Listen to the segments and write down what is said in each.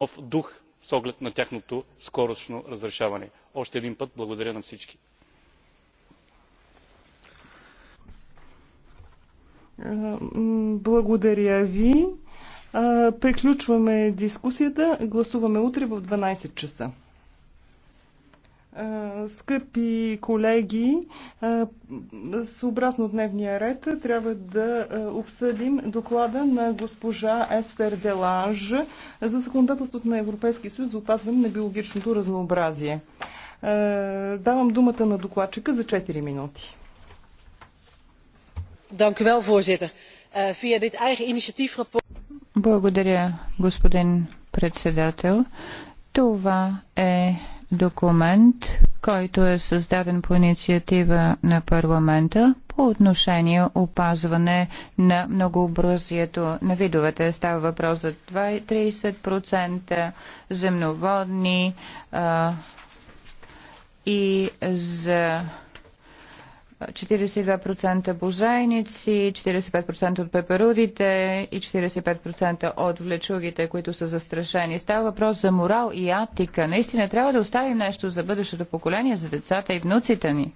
нов дух с оглед на тяхното скорошно разрешаване. още един път благодаря на всички. Благодаря ви. Приключваме дискусията. Гласуваме утре в 12 часа. Скъпи колеги, съобразно дневния ред трябва да обсъдим доклада на госпожа Естер Деланж за законодателството на Европейския съюз за опазване на биологичното разнообразие. Давам думата на докладчика за 4 минути. Eh, Благодаря, господин председател. Това е документ, който е създаден по инициатива на парламента по отношение опазване на многообразието на видовете. Става въпрос за 30% земноводни а, и за 42% бозайници, 45% от пеперудите и 45% от влечугите, които са застрашени. Става въпрос за морал и атика. Наистина трябва да оставим нещо за бъдещото поколение, за децата и внуците ни.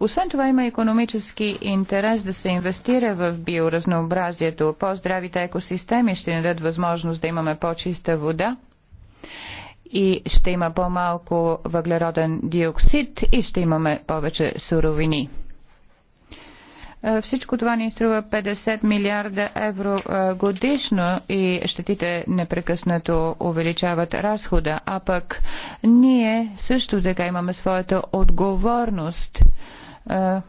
Освен това има економически интерес да се инвестира в биоразнообразието. По-здравите екосистеми ще ни дадат възможност да имаме по-чиста вода – и ще има по-малко въглероден диоксид и ще имаме повече суровини. Е, всичко това ни струва 50 милиарда евро е, годишно и щетите непрекъснато увеличават разхода, а пък ние също така имаме своята отговорност е,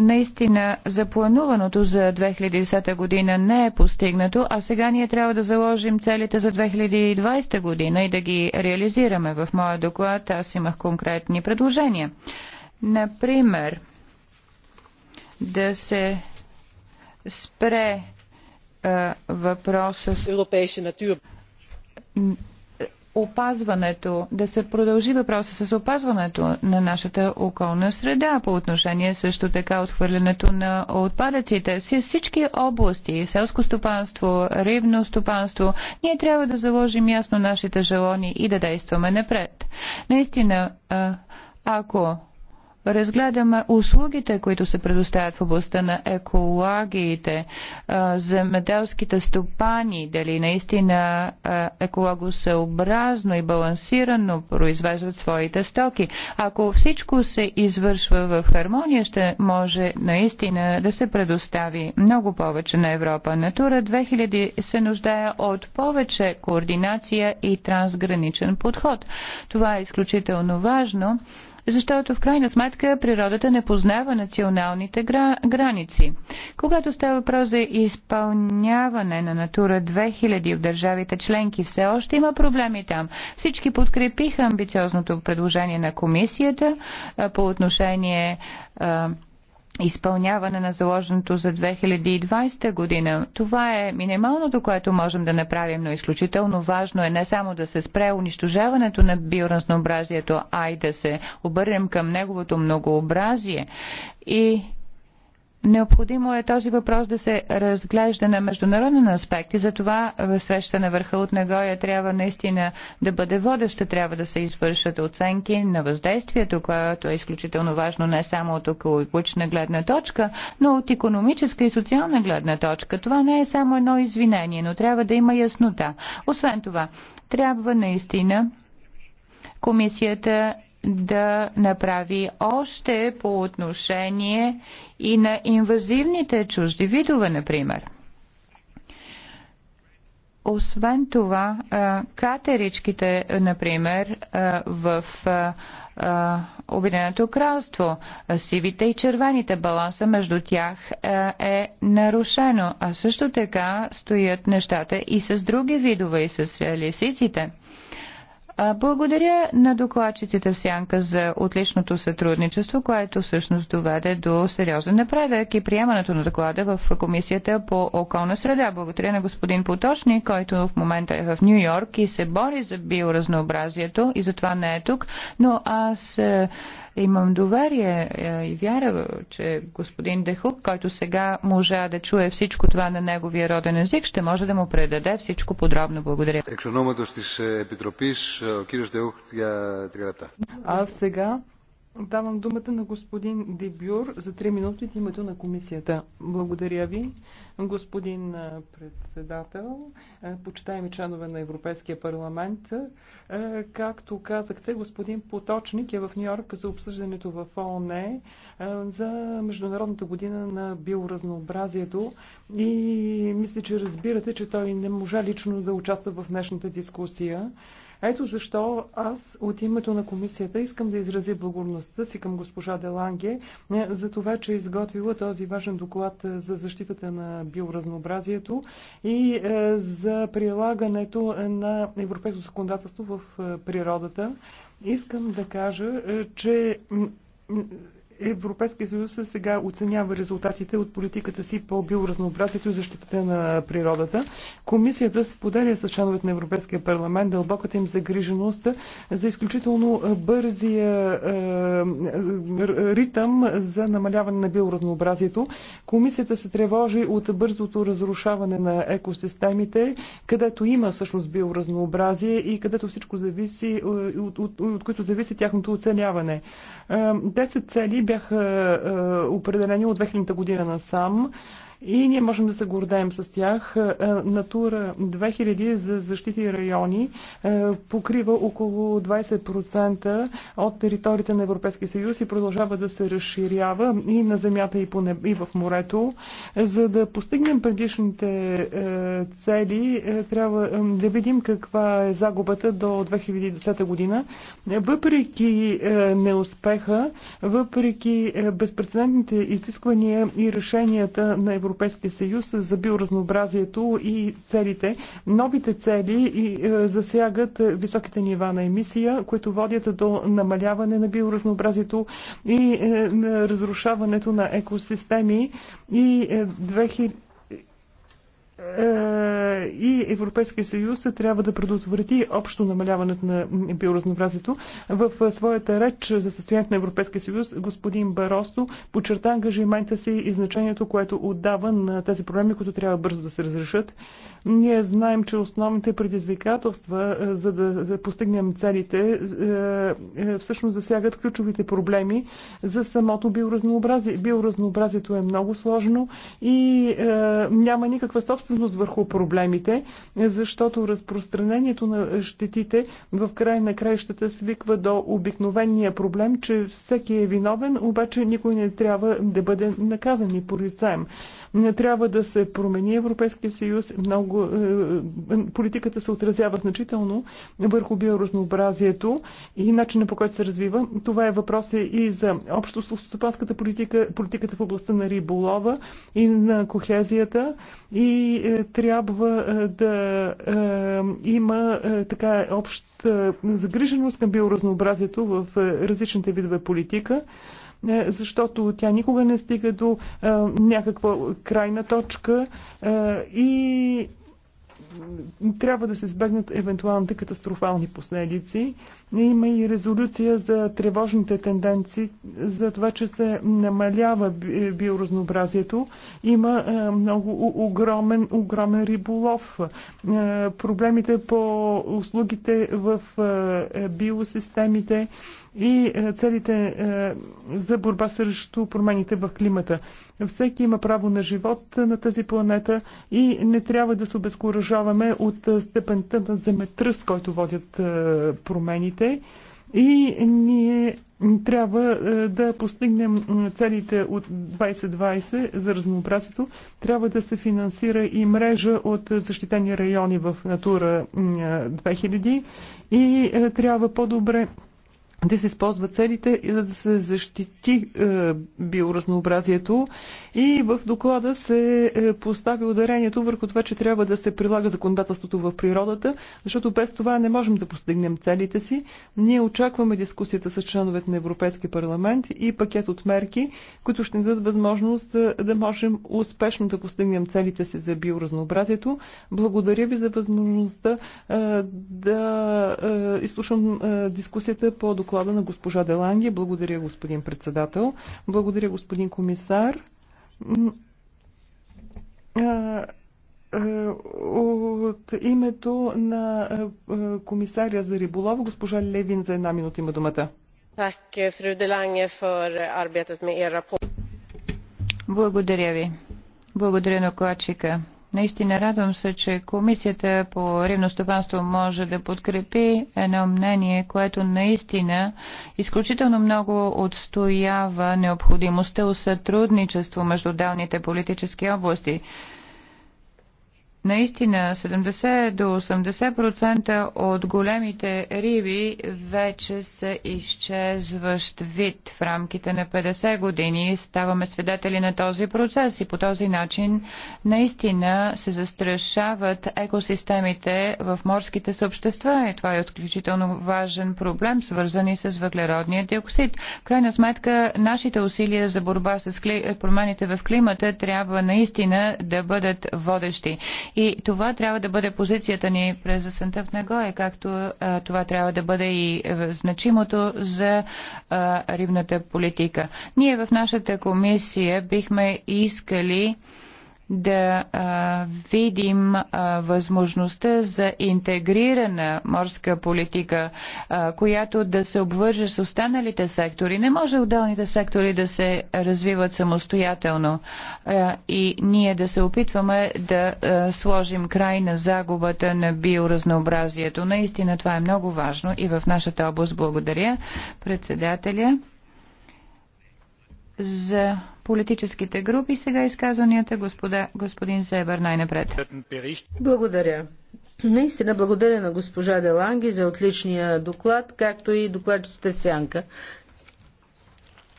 наистина заплануваното за 2010 година не е постигнато, а сега ние трябва да заложим целите за 2020 година и да ги реализираме. В моя доклад аз имах конкретни предложения. Например, да се спре е, въпроса с опазването, да се продължи въпроса с опазването на нашата околна среда по отношение също така отхвърлянето на отпадъците. всички области, селско стопанство, рибно стопанство, ние трябва да заложим ясно нашите желони и да действаме напред. Наистина, ако разгледаме услугите, които се предоставят в областта на екологиите, земеделските стопани, дали наистина екологосъобразно и балансирано произвеждат своите стоки. Ако всичко се извършва в хармония, ще може наистина да се предостави много повече на Европа. Натура 2000 се нуждае от повече координация и трансграничен подход. Това е изключително важно защото в крайна сметка природата не познава националните гра... граници. Когато става въпрос за изпълняване на Натура 2000 в държавите членки, все още има проблеми там. Всички подкрепиха амбициозното предложение на комисията по отношение изпълняване на заложеното за 2020 година. Това е минималното, което можем да направим, но изключително важно е не само да се спре унищожаването на биоразнообразието, а и да се обърнем към неговото многообразие и Необходимо е този въпрос да се разглежда на международен аспект и затова е, среща на върха от Нагоя трябва наистина да бъде водеща, трябва да се извършат оценки на въздействието, което е изключително важно не само от екологична гледна точка, но от економическа и социална гледна точка. Това не е само едно извинение, но трябва да има яснота. Освен това, трябва наистина комисията да направи още по отношение и на инвазивните чужди видове, например. Освен това, катеричките, например, в Обединеното кралство, сивите и червените баланса между тях е нарушено, а също така стоят нещата и с други видове, и с лисиците. Благодаря на докладчиците в Сянка за отличното сътрудничество, което всъщност доведе до сериозен напредък и приемането на доклада в Комисията по околна среда. Благодаря на господин Поточни, който в момента е в Нью Йорк и се бори за биоразнообразието и затова не е тук, но аз Имам доверие е, и вяра, че господин Дехук, който сега може да чуе всичко това на неговия роден език, ще може да му предаде всичко подробно. Благодаря. Екс ονόματος της Επιτροπής, ο κύριος Δεχούκ για А сега Давам думата на господин Дебюр за 3 минути от името на комисията. Благодаря ви, господин председател, почитаеми членове на Европейския парламент. Както казахте, господин Поточник е в Нью-Йорк за обсъждането в ООН за Международната година на биоразнообразието и мисля, че разбирате, че той не можа лично да участва в днешната дискусия. Ето защо аз от името на комисията искам да изразя благодарността си към госпожа Деланге е, за това, че е изготвила този важен доклад е, за защитата на биоразнообразието и е, за прилагането на европейско законодателство в природата. Искам да кажа, че Европейския съюз сега оценява резултатите от политиката си по биоразнообразието и защитата на природата. Комисията споделя с членовете на Европейския парламент дълбоката им загриженост за изключително бързия е, ритъм за намаляване на биоразнообразието. Комисията се тревожи от бързото разрушаване на екосистемите, където има всъщност биоразнообразие и където всичко зависи, е, от, от, от, от които зависи тяхното оценяване. Десет цели бяха е, определени от 2000 година насам и ние можем да се гордеем с тях. Е, е, Натура 2000 за защити райони е, покрива около 20% от територията на Европейския съюз и продължава да се разширява и на земята, и, по неб... и в морето. За да постигнем предишните цели, трябва да видим каква е загубата до 2010 година. Въпреки неуспеха, въпреки безпредседентните изисквания и решенията на Европейския Европейския съюз за биоразнообразието и целите. Новите цели и е, засягат високите нива на емисия, които водят до намаляване на биоразнообразието и е, на разрушаването на екосистеми и 2000 е, е, и Европейския съюз трябва да предотврати общо намаляването на биоразнообразието. В е, своята реч за състоянието на Европейския съюз господин Баросто подчерта ангажимента си и значението, което отдава на тези проблеми, които трябва бързо да се разрешат. Ние знаем, че основните предизвикателства, е, за да постигнем целите, всъщност засягат ключовите проблеми за самото биоразнообразие. Биоразнообразието е много сложно и няма никаква собствена собственост върху проблемите, защото разпространението на щетите в край на краищата свиква до обикновения проблем, че всеки е виновен, обаче никой не трябва да бъде наказан и порицаем. Не трябва да се промени Европейския съюз. Много, е, е, политиката се отразява значително върху биоразнообразието и начина по който се развива. Това е въпрос е и за общо стопанската политика, политиката в областта на риболова и на кохезията и трябва да има така обща загриженост към биоразнообразието в различните видове политика. Е, защото тя никога не стига до е, някаква крайна точка е, и трябва да се избегнат евентуалните катастрофални последици. Има и резолюция за тревожните тенденции, за това, че се намалява биоразнообразието. Има много огромен, огромен риболов. Проблемите по услугите в биосистемите и е, целите е, за борба срещу промените в климата. Всеки има право на живот на тази планета и не трябва да се обезкуражаваме от е, степента на земетръс, който водят промените. И ние трябва да постигнем целите от 2020 за разнообразието. Трябва да се финансира и мрежа от защитени райони в Натура 2000 и трябва по-добре да се използват целите, за да се защити е, биоразнообразието. И в доклада се е, постави ударението върху това, че трябва да се прилага законодателството в природата, защото без това не можем да постигнем целите си. Ние очакваме дискусията с членовете на Европейски парламент и пакет от мерки, които ще ни дадат възможност да, е, да можем успешно да постигнем целите си за биоразнообразието. Благодаря ви за възможността да изслушам дискусията по доклада доклада на госпожа Деланги. Благодаря, господин председател. Благодаря, господин комисар. От името на комисаря за риболов, госпожа Левин за една минута има думата. Er Благодаря ви. Благодаря на Клачика Наистина радвам се, че комисията по ревно стопанство може да подкрепи едно мнение, което наистина изключително много отстоява необходимостта от сътрудничество между далните политически области. Наистина 70 до 80% от големите риби вече са изчезващ вид в рамките на 50 години. Ставаме свидетели на този процес и по този начин наистина се застрашават екосистемите в морските съобщества и това е отключително важен проблем, свързан и с въглеродния диоксид. В крайна сметка, нашите усилия за борба с промените в климата трябва наистина да бъдат водещи и това трябва да бъде позицията ни през есента в Нагоя, както а, това трябва да бъде и е, значимото за а, рибната политика. Ние в нашата комисия бихме искали да а, видим а, възможността за интегрирана морска политика, а, която да се обвърже с останалите сектори. Не може отделните сектори да се развиват самостоятелно а, и ние да се опитваме да а, сложим край на загубата на биоразнообразието. Наистина това е много важно и в нашата област. Благодаря председателя за политическите групи. Сега изказванията господа, господин Зебър най-напред. Благодаря. Наистина благодаря на госпожа Деланги за отличния доклад, както и докладчиците в сянка.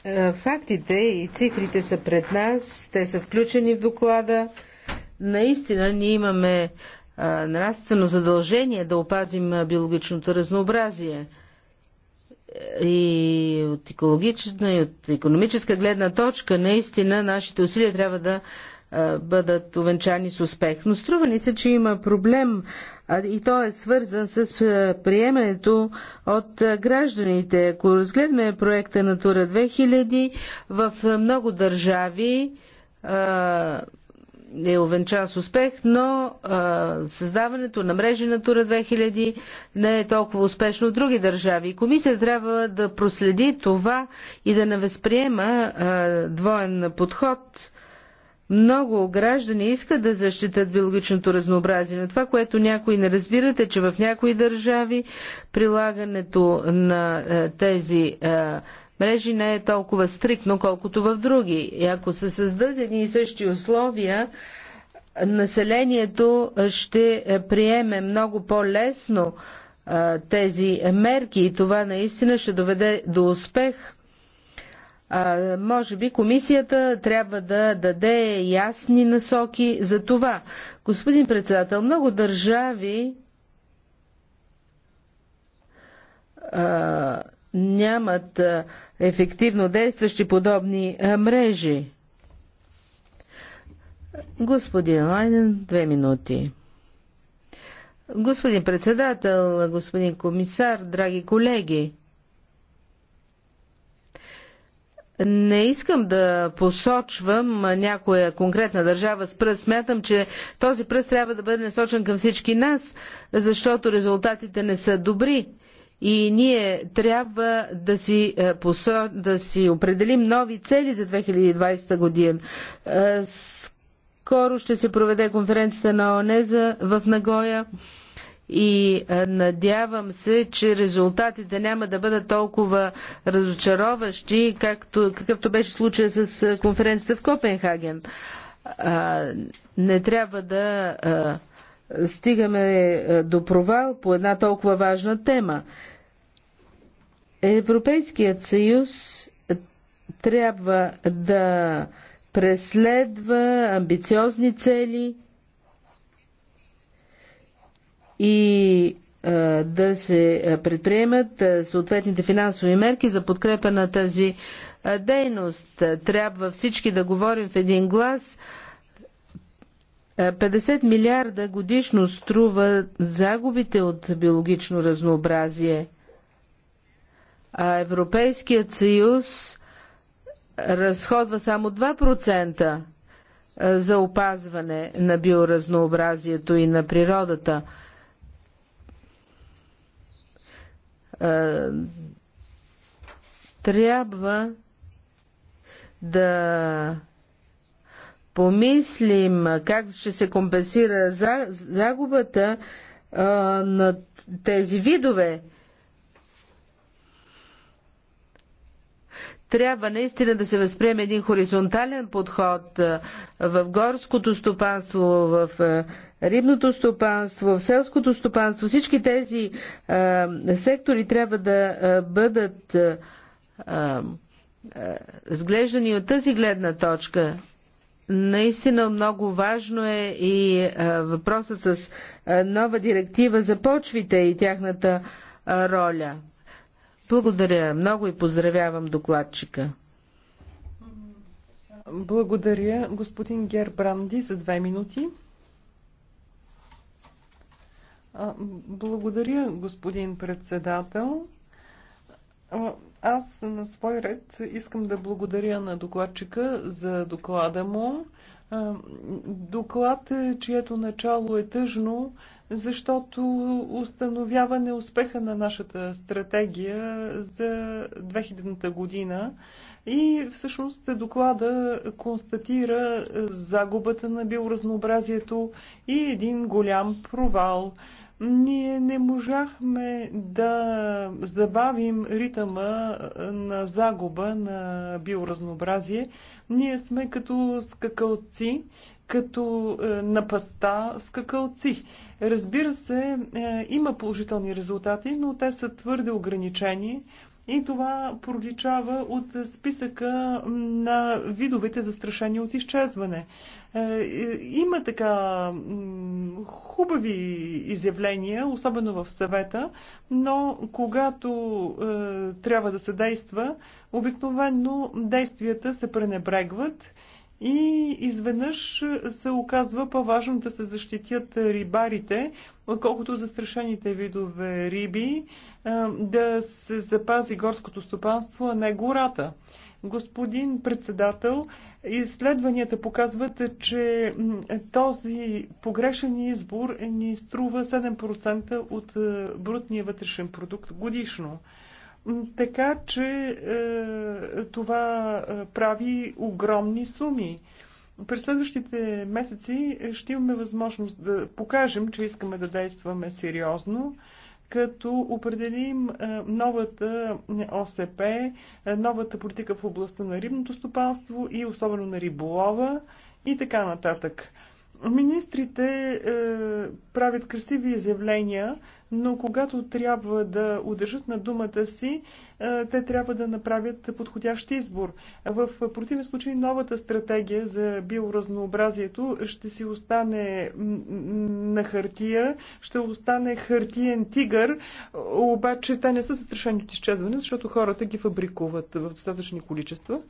Е, фактите и цифрите са пред нас, те са включени в доклада. Наистина ние имаме е, нравствено задължение да опазим биологичното разнообразие – и от екологична, и от економическа гледна точка, наистина нашите усилия трябва да бъдат увенчани с успех. Но струва ни се, че има проблем и то е свързан с приемането от гражданите. Ако разгледаме проекта Натура 2000, в много държави е овенчан с успех, но а, създаването на мрежи на Тура 2000 не е толкова успешно от други държави. комисия трябва да проследи това и да не възприема а, двоен подход. Много граждани искат да защитат биологичното разнообразие, но това, което някои не разбират е, че в някои държави прилагането на а, тези а, мрежи не е толкова стрикно, колкото в други. И ако се създаде и същи условия, населението ще приеме много по-лесно тези мерки и това наистина ще доведе до успех. А, може би комисията трябва да даде ясни насоки за това. Господин председател, много държави а, нямат ефективно действащи подобни мрежи. Господин Лайнен, две минути. Господин председател, господин комисар, драги колеги, Не искам да посочвам някоя конкретна държава с пръст. Смятам, че този пръст трябва да бъде насочен към всички нас, защото резултатите не са добри. И ние трябва да си, е, да си определим нови цели за 2020 година. Е, скоро ще се проведе конференцията на ОНЕЗа в Нагоя и е, надявам се, че резултатите няма да бъдат толкова разочароващи, както, какъвто беше случая с конференцията в Копенхаген. не трябва да стигаме до провал по една толкова важна тема. Европейският съюз трябва да преследва амбициозни цели и да се предприемат съответните финансови мерки за подкрепа на тази дейност. Трябва всички да говорим в един глас. 50 милиарда годишно струва загубите от биологично разнообразие – а Европейският съюз разходва само 2% за опазване на биоразнообразието и на природата. Трябва да помислим как ще се компенсира загубата на тези видове Трябва наистина да се възприеме един хоризонтален подход в горското стопанство, в рибното стопанство, в селското стопанство. Всички тези сектори трябва да бъдат сглеждани от тази гледна точка. Наистина много важно е и въпроса с нова директива за почвите и тяхната роля. Благодаря много и поздравявам докладчика. Благодаря, господин Гербранди, за две минути. Благодаря, господин председател. Аз на свой ред искам да благодаря на докладчика за доклада му. Доклад, чието начало е тъжно, защото установява неуспеха на нашата стратегия за 2000-та година и всъщност доклада констатира загубата на биоразнообразието и един голям провал. Ние не можахме да забавим ритъма на загуба на биоразнообразие. Ние сме като скакалци, като е, напаста скакалци. Разбира се, е, има положителни резултати, но те са твърде ограничени и това проличава от списъка на видовете застрашени от изчезване. Е, е, има така хубави изявления, особено в съвета, но когато трябва да се действа, обикновенно действията се пренебрегват и изведнъж се оказва по-важно да се защитят рибарите, отколкото застрашените видове риби, е, да се запази горското стопанство, а не гората. Господин председател, изследванията показват, че този погрешен избор ни струва 7% от е, брутния вътрешен продукт годишно. Така че е, това е, прави огромни суми. През следващите месеци ще имаме възможност да покажем, че искаме да действаме сериозно, като определим е, новата ОСП, е, новата политика в областта на рибното стопанство и особено на риболова и така нататък. Министрите е, правят красиви изявления, но когато трябва да удържат на думата си, е, те трябва да направят подходящ избор. В противен случай новата стратегия за биоразнообразието ще си остане на хартия, ще остане хартиен тигър, обаче те не са застрашени от изчезване, защото хората ги фабрикуват в достатъчни количества.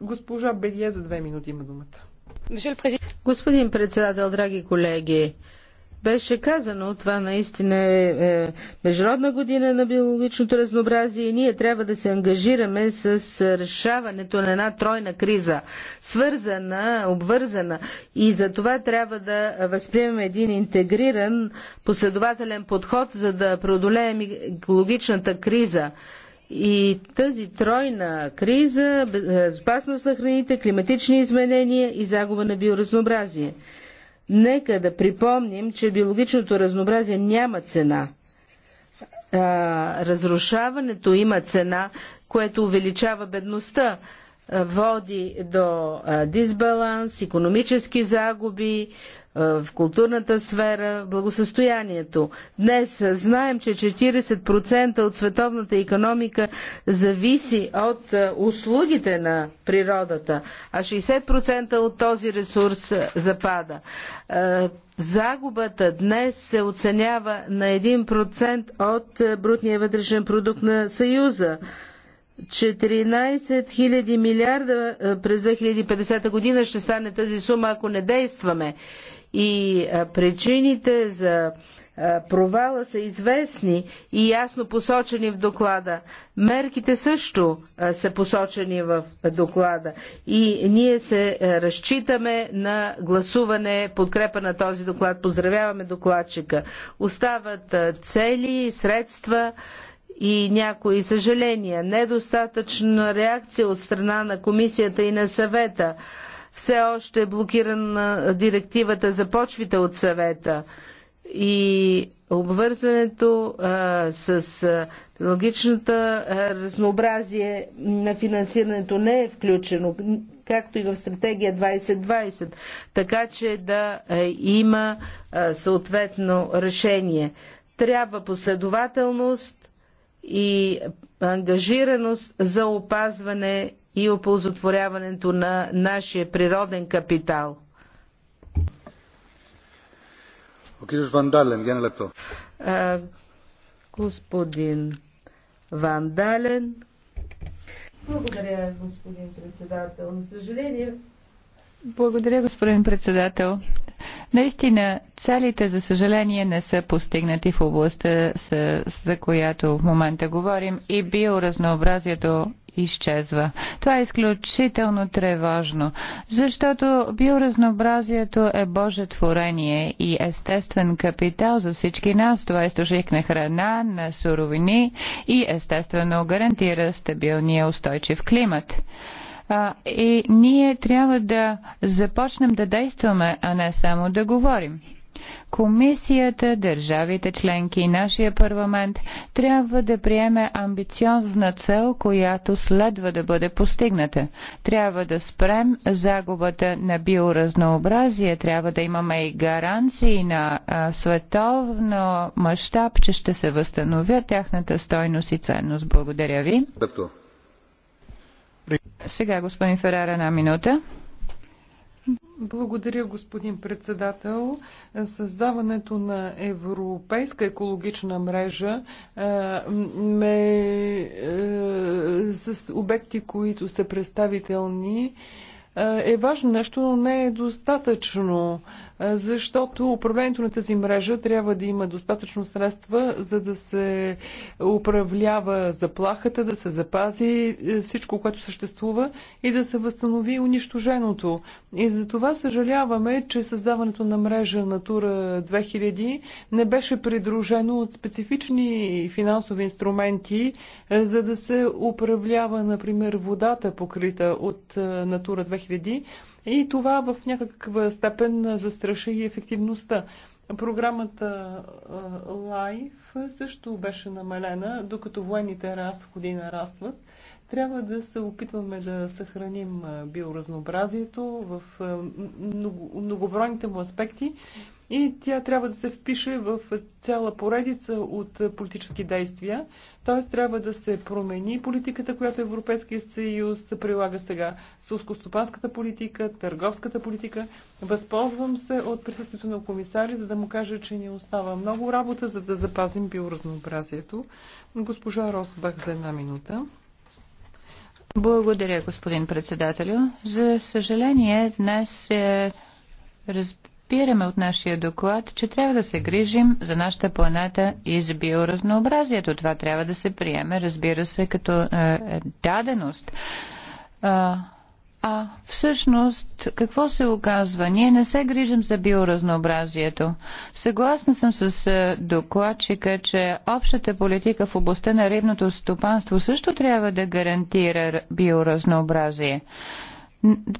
Госпожа Белие за две минути има думата. Господин председател, драги колеги, беше казано, това наистина е, е Международна година на биологичното разнообразие и ние трябва да се ангажираме с решаването на една тройна криза, свързана, обвързана и за това трябва да възприемем един интегриран, последователен подход, за да преодолеем екологичната криза и тази тройна криза, е, безопасност на храните, климатични изменения и загуба на биоразнообразие. Нека да припомним, че биологичното разнообразие няма цена. разрушаването има цена, което увеличава бедността, води до дисбаланс, економически загуби, е, в културната сфера, благосъстоянието. Днес знаем, че 40% от световната економика зависи от е, услугите на природата, а 60% от този ресурс е, запада. Загубата днес се оценява на 1% от брутния вътрешен продукт на Съюза. 14 000 милиарда през 2050 година ще стане тази сума, ако не действаме и причините за провала са известни и ясно посочени в доклада. Мерките също са посочени в доклада и ние се разчитаме на гласуване подкрепа на този доклад. Поздравяваме докладчика. Остават цели, средства и някои съжаления. Недостатъчна реакция от страна на комисията и на съвета. Все още е блокирана директивата за почвите от съвета и обвързването а, с а, логичната а, разнообразие на финансирането не е включено, както и в стратегия 2020, така че да а, има а, съответно решение. Трябва последователност и ангажираност за опазване и оползотворяването на нашия природен капитал. А, господин Вандален. Благодаря, господин председател. За съжаление. Благодаря, господин председател. Наистина, целите, за съжаление, не са постигнати в областта, за която в момента говорим и биоразнообразието изчезва. Това е изключително тревожно, защото биоразнообразието е Божие творение и естествен капитал за всички нас. Това е източник на храна, на суровини и естествено гарантира стабилния устойчив климат. А, и ние трябва да започнем да действаме, а не само да говорим. Комисията, държавите членки и нашия парламент трябва да приеме амбициозна цел, която следва да бъде постигната. Трябва да спрем загубата на биоразнообразие, трябва да имаме и гаранции на а, световно мащаб, че ще се възстановят тяхната стойност и ценност. Благодаря ви. Сега господин Ферар, една минута. Благодаря, господин председател. Създаването на Европейска екологична мрежа е, ме, е, с обекти, които са представителни, е важно нещо, но не е достатъчно. Е, защото управлението на тази мрежа трябва да има достатъчно средства, за да се управлява заплахата, да се запази е, всичко, което съществува и да се възстанови унищоженото. И за това съжаляваме, че създаването на мрежа Натура 2000 не беше придружено от специфични финансови инструменти, е, за да се управлява, например, водата покрита от е, Натура 2000, и това в някаква степен застраши и ефективността. Програмата LIFE също беше намалена, докато военните разходи нарастват. Трябва да се опитваме да съхраним биоразнообразието в многобройните му аспекти и тя трябва да се впише в цяла поредица от политически действия. Т.е. трябва да се промени политиката, която Европейския съюз се прилага сега. Сълскостопанската политика, търговската политика. Възползвам се от присъствието на комисари, за да му кажа, че ни остава много работа, за да запазим биоразнообразието. Госпожа Росбах за една минута. Благодаря, господин председателю. За съжаление, днес е, раз, разбираме от нашия доклад, че трябва да се грижим за нашата планета и за биоразнообразието. Това трябва да се приеме, разбира се, като е, е даденост. А, а всъщност, какво се оказва? Ние не се грижим за биоразнообразието. Съгласна съм с е, докладчика, че общата политика в областта на рибното стопанство също трябва да гарантира биоразнообразие.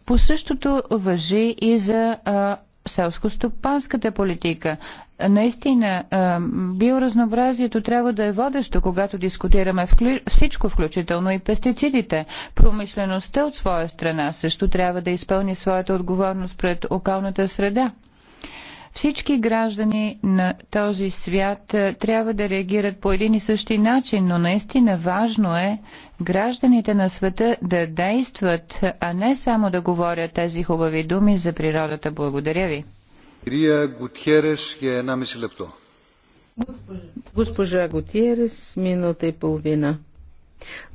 По същото въжи и за а, селско-стопанската политика. Наистина, биоразнообразието трябва да е водещо, когато дискутираме всичко, включително и пестицидите. Промишлеността от своя страна също трябва да изпълни своята отговорност пред околната среда. Всички граждани на този свят е, трябва да реагират по един и същи начин, но наистина важно е гражданите на света да действат, а не само да говорят тези хубави думи за природата. Благодаря ви. Е Госпожа Готиерес, минута и половина.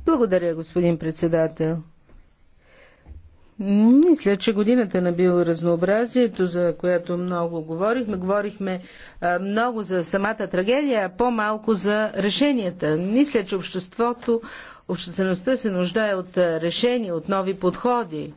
Благодаря, господин председател. Мисля, че годината на биоразнообразието, за която много говорихме, говорихме много за самата трагедия, а по-малко за решенията. Мисля, че обществото, обществеността се нуждае от решения, от нови подходи.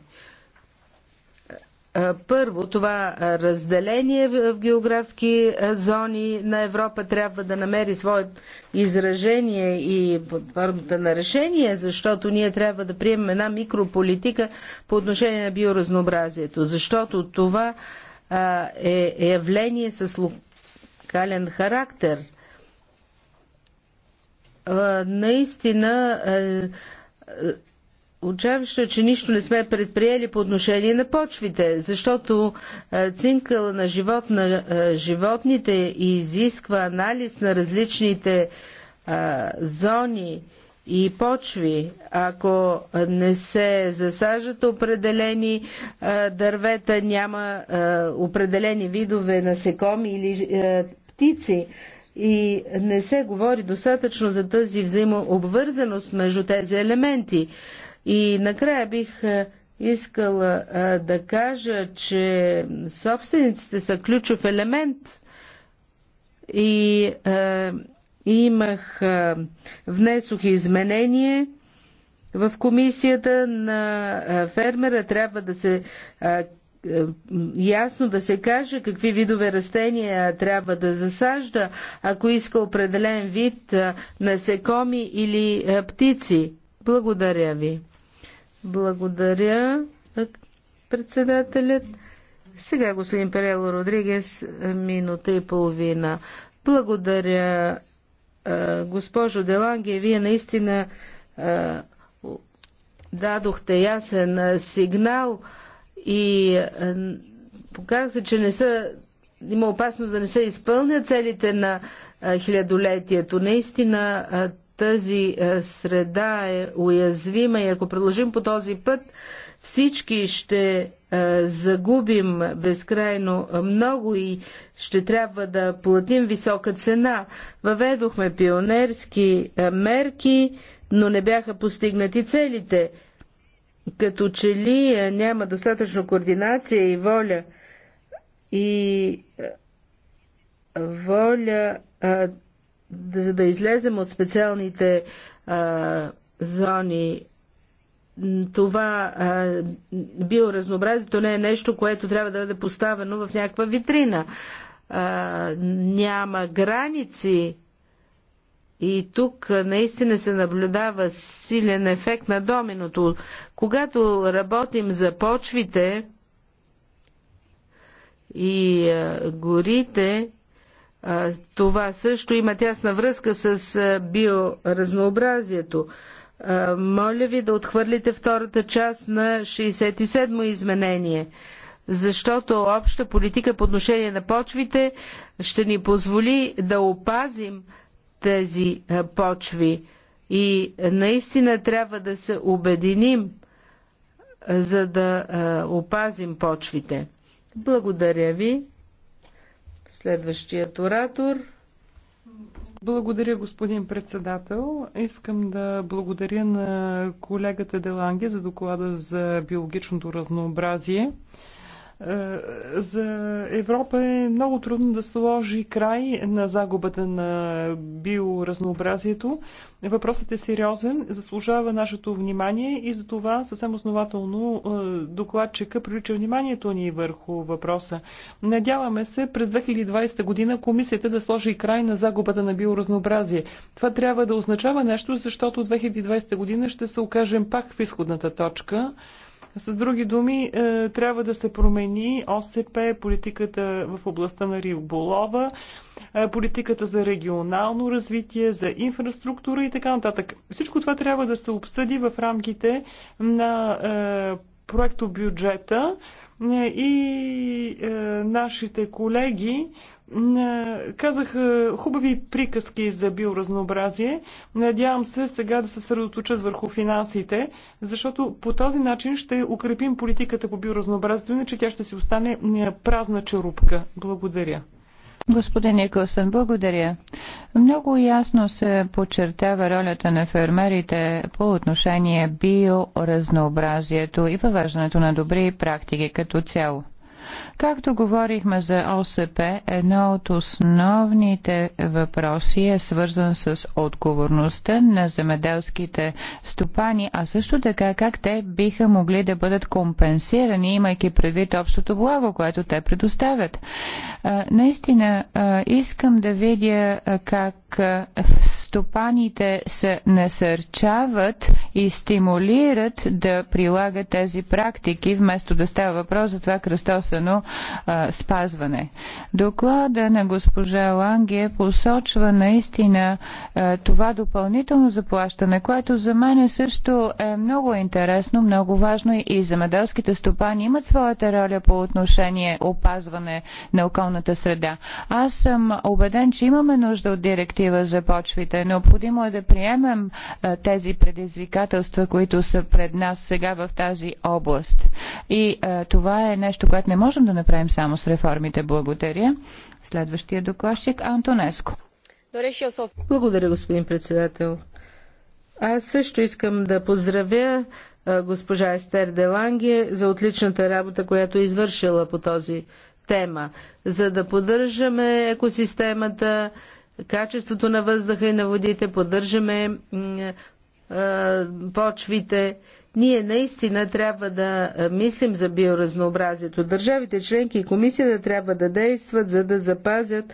Е, първо, това е, разделение в географски е, зони на Европа трябва да намери свое изражение и формата на решение, защото ние трябва да приемем една микрополитика по отношение на биоразнообразието, защото това е явление с локален характер. Наистина Отчаващо, е, че нищо не сме предприели по отношение на почвите, защото е, цинкъл на живот на е, животните изисква анализ на различните зони и почви. Ако не се засажат определени дървета, няма определени видове насекоми или птици и не се говори достатъчно за тази взаимообвързаност между тези елементи. И накрая бих е, искала е, да кажа, че собствениците са ключов елемент и е, имах, внесох изменение в комисията на фермера. Трябва да се ясно да се каже какви видове растения трябва да засажда, ако иска определен вид насекоми или птици. Благодаря ви. Благодаря, председателят. Сега господин Перело Родригес, минута и половина. Благодаря, госпожо Деланге. Вие наистина дадохте ясен сигнал и показахте, че не са, има опасност да не се изпълнят целите на хилядолетието. Наистина тази е, среда е уязвима и ако продължим по този път, всички ще е, загубим безкрайно много и ще трябва да платим висока цена. Въведохме пионерски е, мерки, но не бяха постигнати целите. Като че ли няма достатъчно координация и воля и воля за да излезем от специалните а, зони, това а, биоразнообразието не е нещо, което трябва да бъде поставено в някаква витрина. А, няма граници. И тук наистина се наблюдава силен ефект на доминото. Когато работим за почвите и а, горите, това също има тясна връзка с биоразнообразието. Моля ви да отхвърлите втората част на 67-о изменение, защото обща политика по отношение на почвите ще ни позволи да опазим тези почви и наистина трябва да се обединим, за да опазим почвите. Благодаря ви. Следващият оратор. Благодаря, господин председател. Искам да благодаря на колегата Деланге за доклада за биологичното разнообразие. Е, за Европа е много трудно да сложи край на загубата на биоразнообразието. Въпросът е сериозен, заслужава нашето внимание и за това съвсем основателно е, докладчика прилича вниманието ни върху въпроса. Надяваме се през 2020 година комисията да сложи край на загубата на биоразнообразие. Това трябва да означава нещо, защото 2020 година ще се окажем пак в изходната точка. С други думи, е, трябва да се промени ОСП, политиката в областта на риболова, е, политиката за регионално развитие, за инфраструктура и така нататък. Всичко това трябва да се обсъди в рамките на е, проекто бюджета и нашите колеги е, казах е, хубави приказки за биоразнообразие. Надявам се сега да се съсредоточат върху финансите, защото по този начин ще укрепим политиката по биоразнообразието, иначе тя ще си остане е, празна черупка. Благодаря. Господин Николсън, благодаря. Много ясно се подчертава ролята на фермерите по отношение биоразнообразието и въвеждането на добри практики като цяло. Както говорихме за ОСП, едно от основните въпроси е свързан с отговорността на земеделските стопани, а също така как те биха могли да бъдат компенсирани, имайки предвид общото благо, което те предоставят. Наистина, искам да видя как стопаните се насърчават и стимулират да прилагат тези практики, вместо да става въпрос за това кръстосано а, спазване. Доклада на госпожа Ланге посочва наистина а, това допълнително заплащане, което за мен е също е много интересно, много важно и земеделските стопани имат своята роля по отношение опазване на околната среда. Аз съм убеден, че имаме нужда от директива за почвите, бъде. Необходимо е да приемем е, тези предизвикателства, които са пред нас сега в тази област. И е, това е нещо, което не можем да направим само с реформите. Благодаря. Следващия докладчик Антонеско. Благодаря, господин председател. Аз също искам да поздравя е, госпожа Естер Деланге за отличната работа, която е извършила по този тема, за да поддържаме екосистемата качеството на въздуха и на водите, поддържаме почвите. Ние наистина трябва да мислим за биоразнообразието. Държавите членки и комисията трябва да действат, за да запазят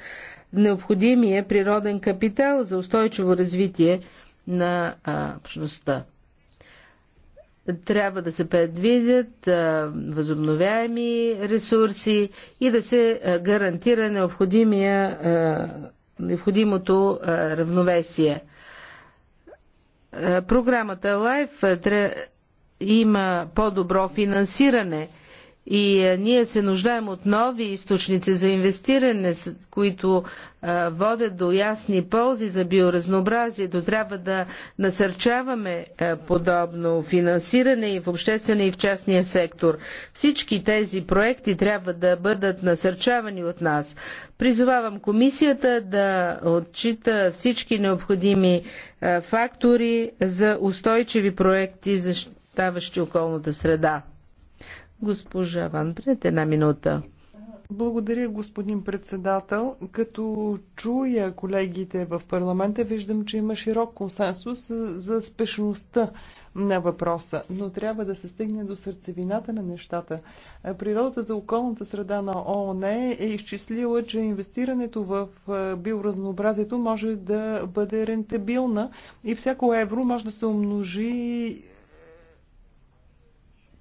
необходимия природен капитал за устойчиво развитие на общността. Трябва да се предвидят възобновяеми ресурси и да се гарантира необходимия а, необходимото равновесие. Програмата LIFE има по-добро финансиране – и е, ние се нуждаем от нови източници за инвестиране, които е, водят до ясни ползи за биоразнообразието. Трябва да насърчаваме е, подобно финансиране и в обществения и в частния сектор. Всички тези проекти трябва да бъдат насърчавани от нас. Призовавам комисията да отчита всички необходими фактори за устойчиви проекти, защитаващи околната среда. Госпожа Ван Бред, една минута. Благодаря, господин председател. Като чуя колегите в парламента, виждам, че има широк консенсус за спешността на въпроса, но трябва да се стигне до сърцевината на нещата. Природата за околната среда на ООН е изчислила, че инвестирането в биоразнообразието може да бъде рентабилна и всяко евро може да се умножи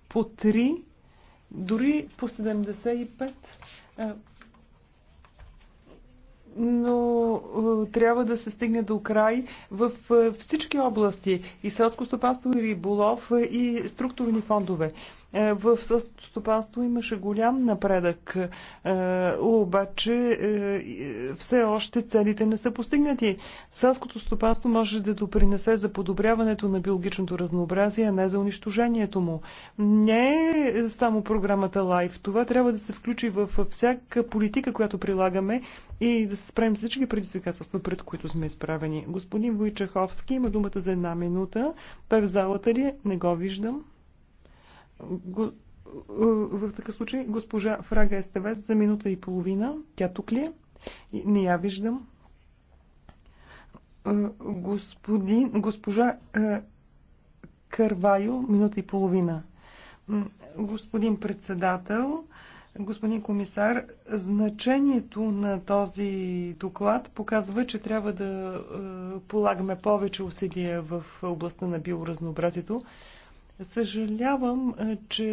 по три дори по 75. Но трябва да се стигне до край в всички области и селско стопанство, и риболов, и структурни фондове. Е, в състото стопанство имаше голям напредък, е, обаче е, все още целите не са постигнати. Селското стопанство може да допринесе за подобряването на биологичното разнообразие, а не за унищожението му. Не само програмата LIFE. Това трябва да се включи в всяка политика, която прилагаме и да се справим всички предизвикателства, пред които сме изправени. Господин Войчаховски има думата за една минута. Той в залата ли? Не го виждам. Го, е, в такъв случай госпожа Фрага Естевес за минута и половина. Тя тук ли е? Не я виждам. Е, господин, госпожа е, Карвайо, минута и половина. Господин председател, господин комисар, значението на този доклад показва, че трябва да полагаме повече усилия в областта на биоразнообразието. Съжалявам, е, че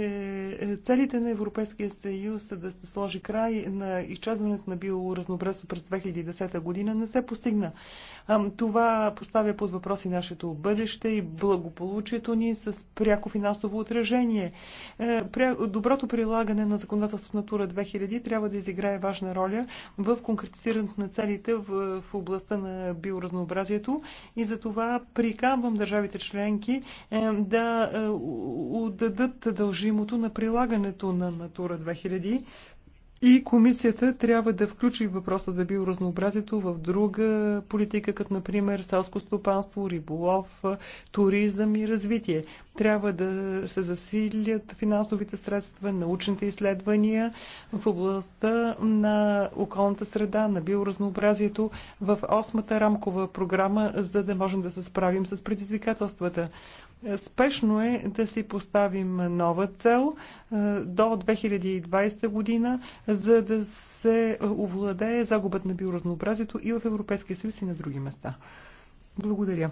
е, целите на Европейския съюз е да се сложи край на изчезването на биоразнообразство през 2010 година не се постигна. Това поставя под въпроси нашето бъдеще и благополучието ни с пряко финансово отражение. Доброто прилагане на законодателството Натура 2000 трябва да изиграе важна роля в конкретизирането на целите в областта на биоразнообразието и за това приканвам държавите членки да отдадат дължимото на прилагането на Натура 2000 и комисията трябва да включи въпроса за биоразнообразието в друга политика, като например селско стопанство, риболов, туризъм и развитие. Трябва да се засилят финансовите средства, научните изследвания в областта на околната среда, на биоразнообразието в осмата рамкова програма, за да можем да се справим с предизвикателствата. Е, спешно е да си поставим нова цел е, до 2020 година, за да се овладее загубът на биоразнообразието и в Европейския съюз и на други места. Благодаря.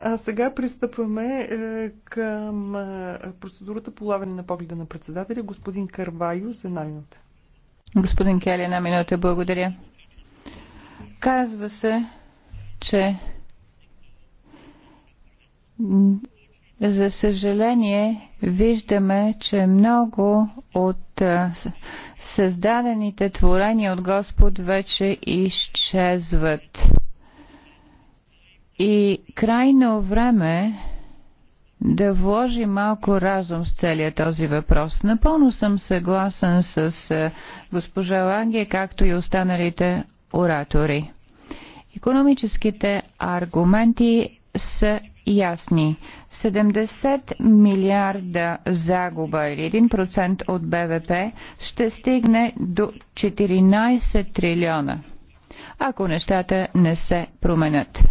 А сега пристъпваме е, към е, процедурата лавене на погледа на председателя. Господин Карвайо за една минута. Господин Кели, една минута. Благодаря. Казва се, че за съжаление, виждаме, че много от е, създадените творения от Господ вече изчезват. И крайно време да вложи малко разум с целият този въпрос. Напълно съм съгласен с е, госпожа Ланге, както и останалите оратори. Економическите аргументи са ясни. 70 милиарда загуба или 1% от БВП ще стигне до 14 трилиона, ако нещата не се променят.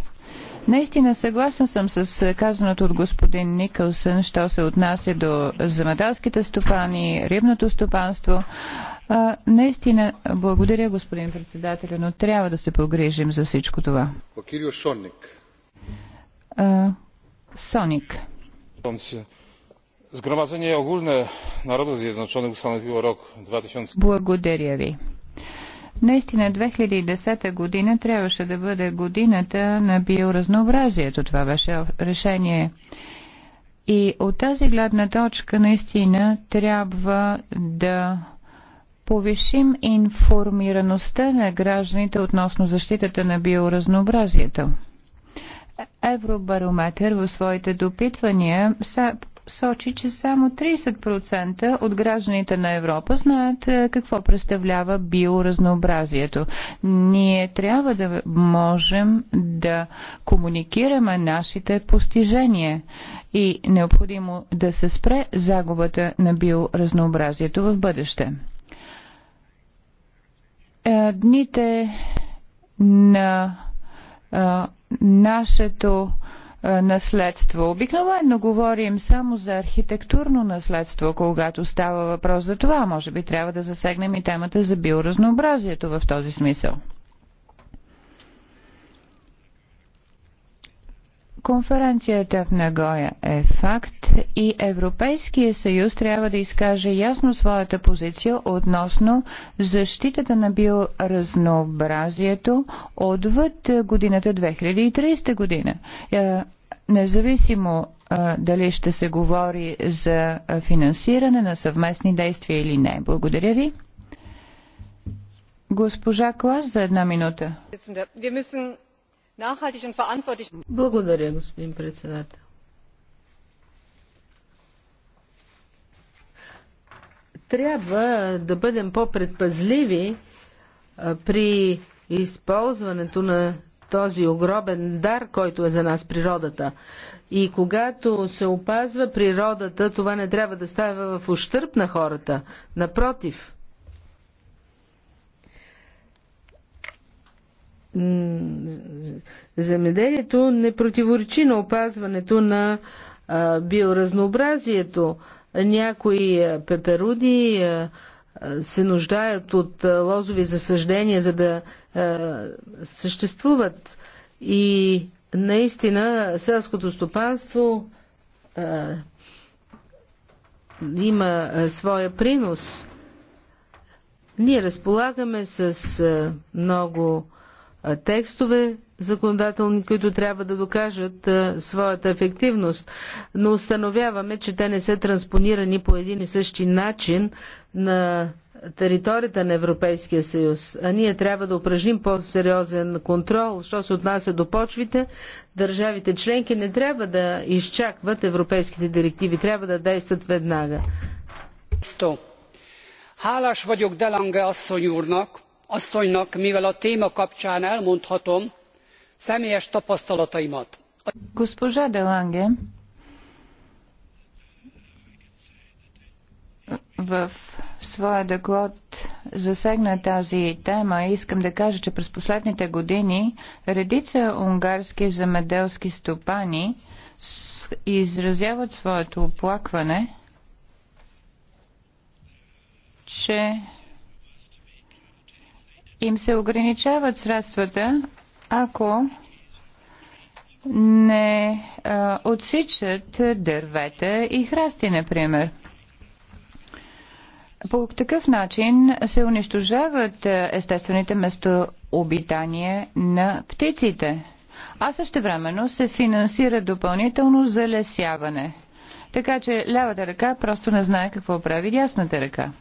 Наистина съгласна съм с казаното от господин Никълсън, що се отнася до земеделските стопани, рибното стопанство. А, наистина, благодаря господин председател, но трябва да се погрижим за всичко това. Кирио Соник. Соник. Е 2000. Благодаря ви. Наистина 2010 година трябваше да бъде годината на биоразнообразието. Това беше решение. И от тази гледна точка наистина трябва да повишим информираността на гражданите относно защитата на биоразнообразието. Евробарометър в своите допитвания сочи, че само 30% от гражданите на Европа знаят е, какво представлява биоразнообразието. Ние трябва да можем да комуникираме нашите постижения и необходимо да се спре загубата на биоразнообразието в бъдеще. Е, дните на е, нашето наследство. Обикновено говорим само за архитектурно наследство, когато става въпрос за това. Може би трябва да засегнем и темата за биоразнообразието в този смисъл. Конференцията в Нагоя е факт и Европейския съюз трябва да изкаже ясно своята позиция относно защитата на биоразнообразието отвъд годината 2030 година. Е, независимо е, дали ще се говори за финансиране на съвместни действия или не. Благодаря ви. Госпожа Клас за една минута. Благодаря, господин председател. Трябва да бъдем по-предпазливи при използването на този огромен дар, който е за нас природата. И когато се опазва природата, това не трябва да става в ущърп на хората. Напротив, земеделието не противоречи на опазването на биоразнообразието. Някои пеперуди се нуждаят от лозови засъждения, за да съществуват. И наистина селското стопанство има своя принос. Ние разполагаме с много текстове законодателни, които трябва да докажат а, своята ефективност, но установяваме, че те не са транспонирани по един и същи начин на територията на Европейския съюз. А ние трябва да упражним по-сериозен контрол, що се отнася до почвите. Държавите членки не трябва да изчакват европейските директиви, трябва да действат веднага. Hálás vagyok Delange asszony úrnak, asszonynak mivel a téma kapcsán elmondhatom személyes tapasztalataimat. Госпожа Деланге, в своя доклад засегна тази тема, искам да кажа, че през последните години редица унгарски замеделски стопани изразяват своето оплакване, че им се ограничават средствата, ако не а, отсичат дървета и храсти, например. По такъв начин се унищожават естествените местообитания на птиците, а също времено се финансира допълнително залесяване. Така че лявата ръка просто не знае какво прави дясната ръка.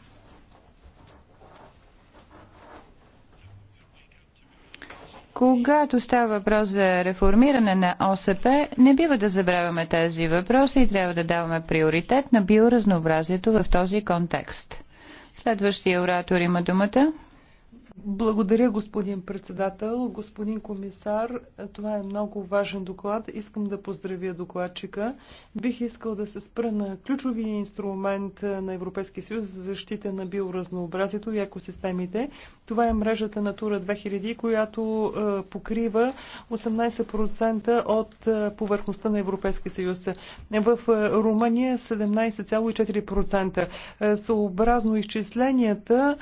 Когато става въпрос за реформиране на ОСП, не бива да забравяме тези въпроси и трябва да даваме приоритет на биоразнообразието в този контекст. Следващия оратор има думата. Благодаря, господин председател, господин комисар. Това е много важен доклад. Искам да поздравя докладчика. Бих искал да се спра на ключовия инструмент на Европейския съюз за защита на биоразнообразието и екосистемите. Това е мрежата Натура 2000, която е, покрива 18% от е, повърхността на Европейския съюз. В е, Румъния 17,4%. Съобразно изчисленията,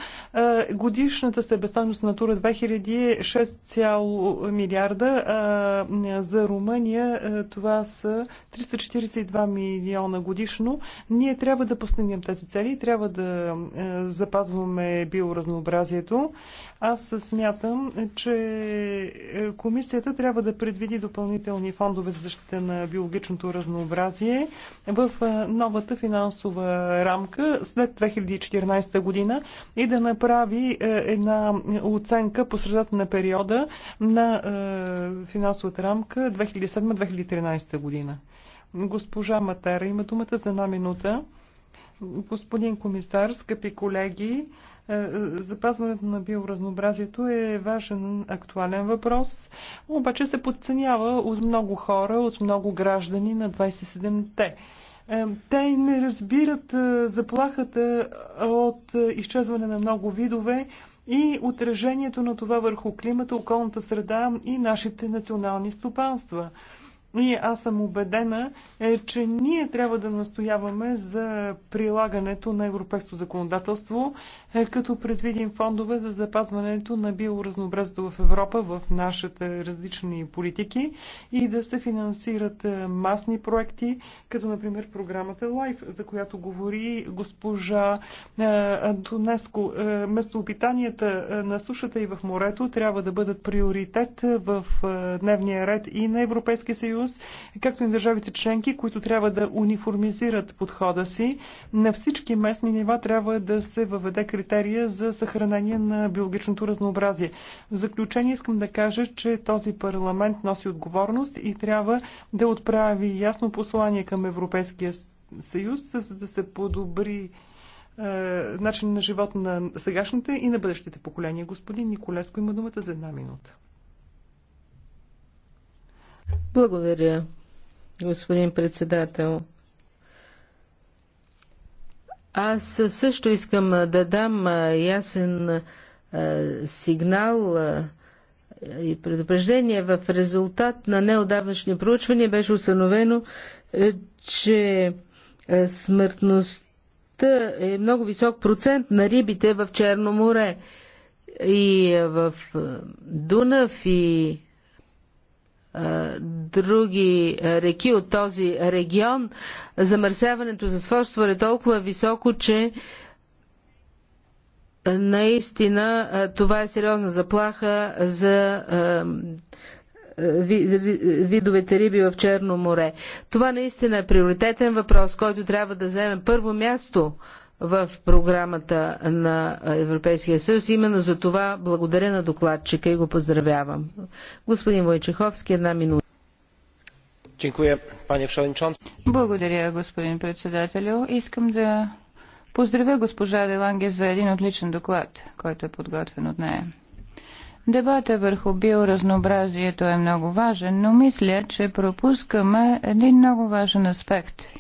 годишната се Себестойност на тура 2000 6 милиарда. А, за Румъния това са 342 милиона годишно. Ние трябва да постигнем тези цели, трябва да запазваме биоразнообразието. Аз смятам, че е, комисията трябва да предвиди допълнителни фондове за защита на биологичното разнообразие в новата финансова рамка след 2014 година и да направи е, една оценка по средата на периода на е, финансовата рамка 2007-2013 година. Госпожа Матера има думата за една минута. Господин комисар, скъпи колеги, е, запазването на биоразнообразието е важен, актуален въпрос, обаче се подценява от много хора, от много граждани на 27-те. Е, те не разбират заплахата от изчезване на много видове, и отражението на това върху климата, околната среда и нашите национални стопанства. И аз съм убедена, е, че ние трябва да настояваме за прилагането на европейското законодателство, е, като предвидим фондове за запазването на биоразнообразието в Европа в нашите различни политики и да се финансират е, масни проекти, като например програмата LIFE, за която говори госпожа е, Антонеско. Е, местоопитанията е, на сушата и в морето трябва да бъдат приоритет в е, дневния ред и на Европейския съюз, сигурност, както и държавите членки, които трябва да униформизират подхода си. На всички местни нива трябва да се въведе критерия за съхранение на биологичното разнообразие. В заключение искам да кажа, че този парламент носи отговорност и трябва да отправи ясно послание към Европейския съюз, за да се подобри е, начин на живот на сегашните и на бъдещите поколения. Господин Николеско има думата за една минута. Благодаря, господин председател. Аз също искам да дам ясен сигнал и предупреждение. В резултат на неодавнашни проучвания беше установено, е, че смъртността е много висок процент на рибите в Черно море и в Дунав и други реки от този регион, замърсяването с фосфор е толкова високо, че наистина това е сериозна заплаха за видовете риби в Черно море. Това наистина е приоритетен въпрос, който трябва да вземе първо място в програмата на Европейския съюз. Именно за това благодаря на докладчика и го поздравявам. Господин Войчеховски, една минута. Благодаря, господин председателю. Искам да поздравя госпожа Деланге за един отличен доклад, който е подготвен от нея. Дебата върху биоразнообразието е много важен, но мисля, че пропускаме един много важен аспект –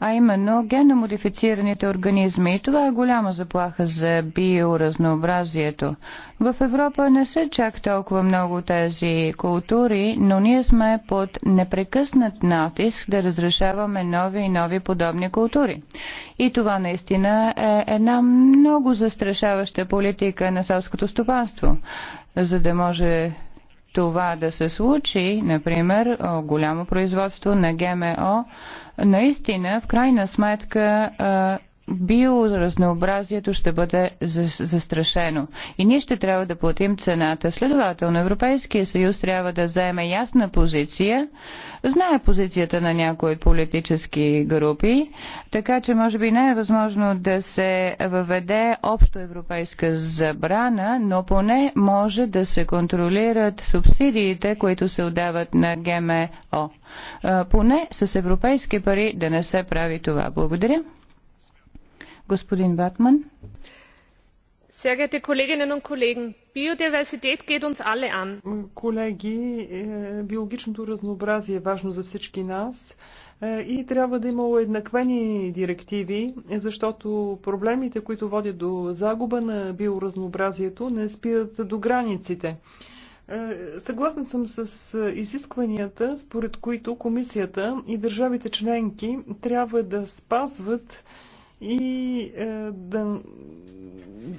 а именно геномодифицираните организми. И това е голяма заплаха за биоразнообразието. В Европа не са чак толкова много тези култури, но ние сме под непрекъснат натиск да разрешаваме нови и нови подобни култури. И това наистина е една много застрашаваща политика на селското стопанство, за да може това да се случи, например, голямо производство на ГМО наистина, в крайна сметка, биоразнообразието ще бъде застрашено. И ние ще трябва да платим цената. Следователно, Европейския съюз трябва да заеме ясна позиция, знае позицията на някои политически групи, така че може би не е възможно да се въведе общо европейска забрана, но поне може да се контролират субсидиите, които се отдават на ГМО. Поне с европейски пари да не се прави това. Благодаря. Господин Батман. Sehr geehrte Kolleginnen und Kollegen, Биодиверситет geht uns alle an. Колеги, е, биологичното разнообразие е важно за всички нас е, и трябва да има уеднаквени директиви, защото проблемите, които водят до загуба на биоразнообразието, не спират до границите. Е, съгласна съм с изискванията, според които комисията и държавите членки трябва да спазват и е, да,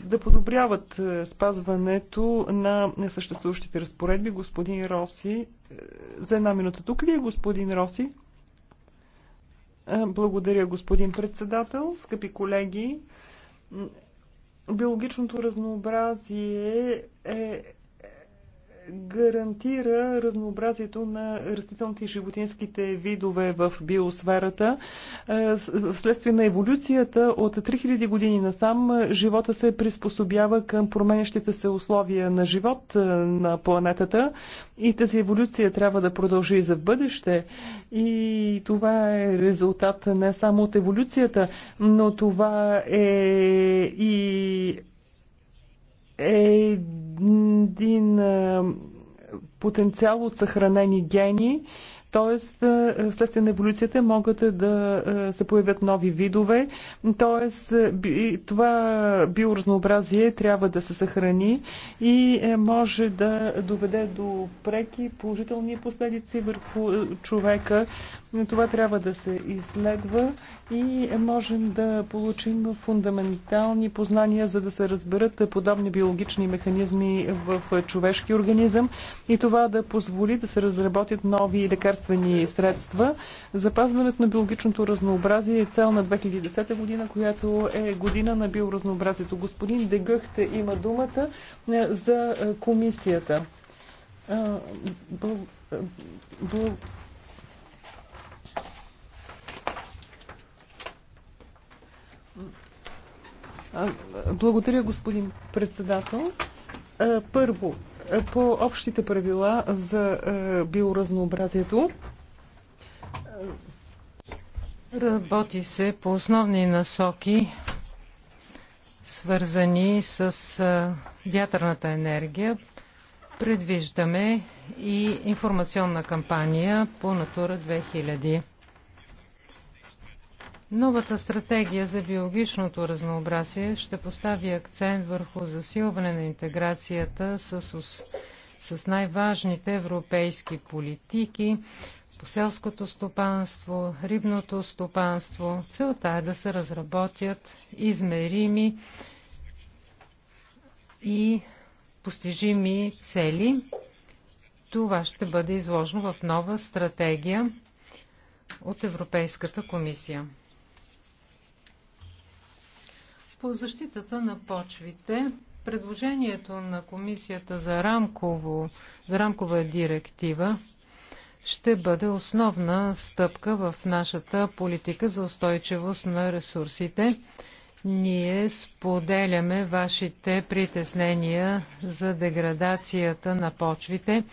да подобряват е, спазването на несъществуващите разпоредби. Господин Роси, е, за една минута тук ли е господин Роси? Благодаря, господин председател, скъпи колеги биологичното разнообразие е гарантира разнообразието на растителните и животинските видове в биосферата. Вследствие на еволюцията от 3000 години насам живота се приспособява към променящите се условия на живот на планетата и тази еволюция трябва да продължи и за в бъдеще. И това е резултат не само от еволюцията, но това е и е един потенциал от съхранени гени, т.е. вследствие на еволюцията могат да се появят нови видове. т.е. това биоразнообразие трябва да се съхрани и може да доведе до преки положителни последици върху човека, това трябва да се изследва и можем да получим фундаментални познания, за да се разберат подобни биологични механизми в човешки организъм и това да позволи да се разработят нови лекарствени средства. Запазването на биологичното разнообразие е цел на 2010 година, която е година на биоразнообразието. Господин Дегъхте има думата е, за е, комисията. Е, Благодаря, господин председател. Първо, по общите правила за биоразнообразието. Работи се по основни насоки, свързани с вятърната енергия. Предвиждаме и информационна кампания по Натура 2000. Новата стратегия за биологичното разнообразие ще постави акцент върху засилване на интеграцията с, с най-важните европейски политики, по селското стопанство, рибното стопанство. Целта е да се разработят измерими и постижими цели. Това ще бъде изложено в нова стратегия от Европейската комисия. По защитата на почвите, предложението на Комисията за, рамково, за рамкова директива ще бъде основна стъпка в нашата политика за устойчивост на ресурсите. Ние споделяме вашите притеснения за деградацията на почвите.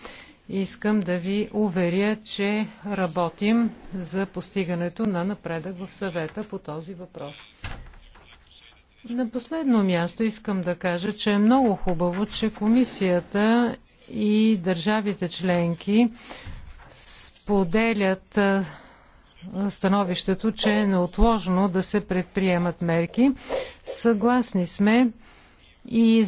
Искам да ви уверя, че работим за постигането на напредък в съвета по този въпрос. На последно място искам да кажа, че е много хубаво, че комисията и държавите членки споделят становището, че е неотложно да се предприемат мерки. Съгласни сме и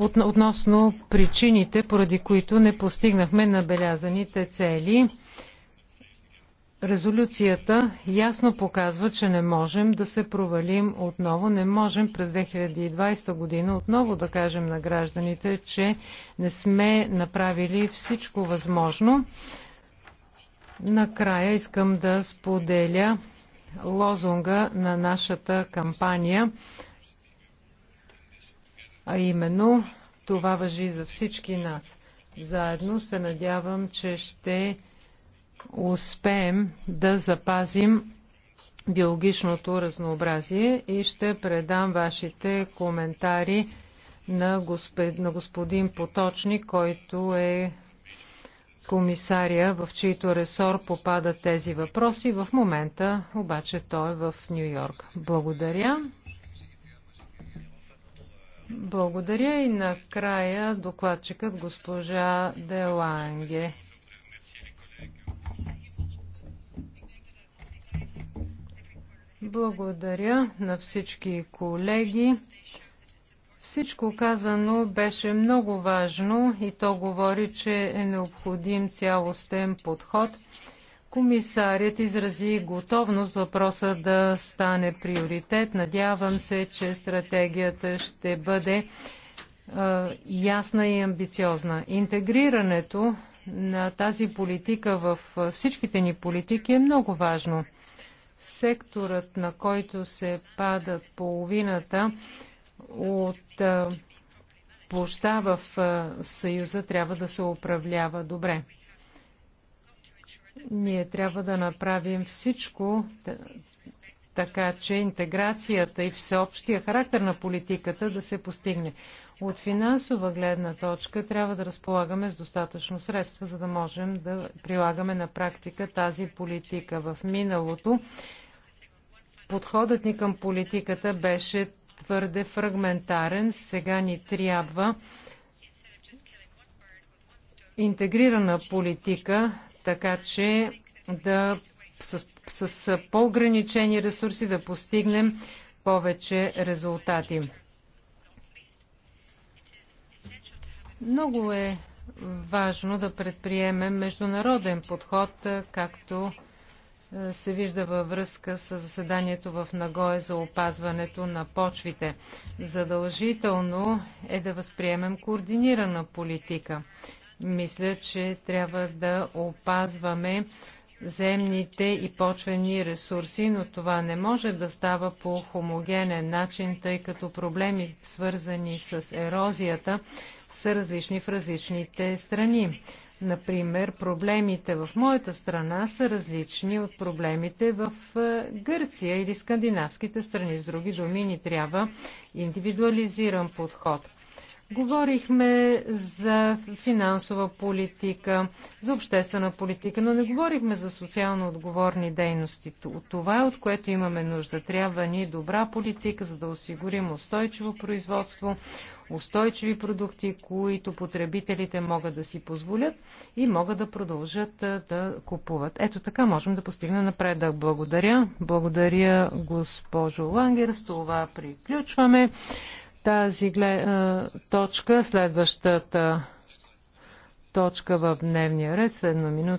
относно причините, поради които не постигнахме набелязаните цели. Резолюцията ясно показва, че не можем да се провалим отново, не можем през 2020 година отново да кажем на гражданите, че не сме направили всичко възможно. Накрая искам да споделя лозунга на нашата кампания, а именно това въжи за всички нас. Заедно се надявам, че ще успеем да запазим биологичното разнообразие и ще предам вашите коментари на, госп... на господин Поточник, който е комисария, в чийто ресор попадат тези въпроси. В момента обаче той е в Нью Йорк. Благодаря. Благодаря и накрая докладчикът госпожа Деланге. Благодаря на всички колеги. Всичко казано беше много важно и то говори, че е необходим цялостен подход. Комисарят изрази готовност въпроса да стане приоритет. Надявам се, че стратегията ще бъде е, ясна и амбициозна. Интегрирането на тази политика в всичките ни политики е много важно секторът, на който се падат половината от площа в Съюза, трябва да се управлява добре. Ние трябва да направим всичко, така че интеграцията и всеобщия характер на политиката да се постигне. От финансова гледна точка трябва да разполагаме с достатъчно средства, за да можем да прилагаме на практика тази политика. В миналото подходът ни към политиката беше твърде фрагментарен. Сега ни трябва интегрирана политика, така че да с, с, с по-ограничени ресурси да постигнем повече резултати. Много е важно да предприемем международен подход, както е, се вижда във връзка с заседанието в Нагоя за опазването на почвите. Задължително е да възприемем координирана политика. Мисля, че трябва да опазваме земните и почвени ресурси, но това не може да става по хомогенен начин, тъй като проблеми, свързани с ерозията, са различни в различните страни. Например, проблемите в моята страна са различни от проблемите в е, Гърция или скандинавските страни. С други думи, ни трябва индивидуализиран подход. Говорихме за финансова политика, за обществена политика, но не говорихме за социално отговорни дейности. Това е от което имаме нужда. Трябва ни добра политика, за да осигурим устойчиво производство, устойчиви продукти, които потребителите могат да си позволят и могат да продължат да купуват. Ето така можем да постигнем напредък. Благодаря. Благодаря, госпожо Лангер. С това приключваме тази точка, следващата точка в дневния ред, следно минутно.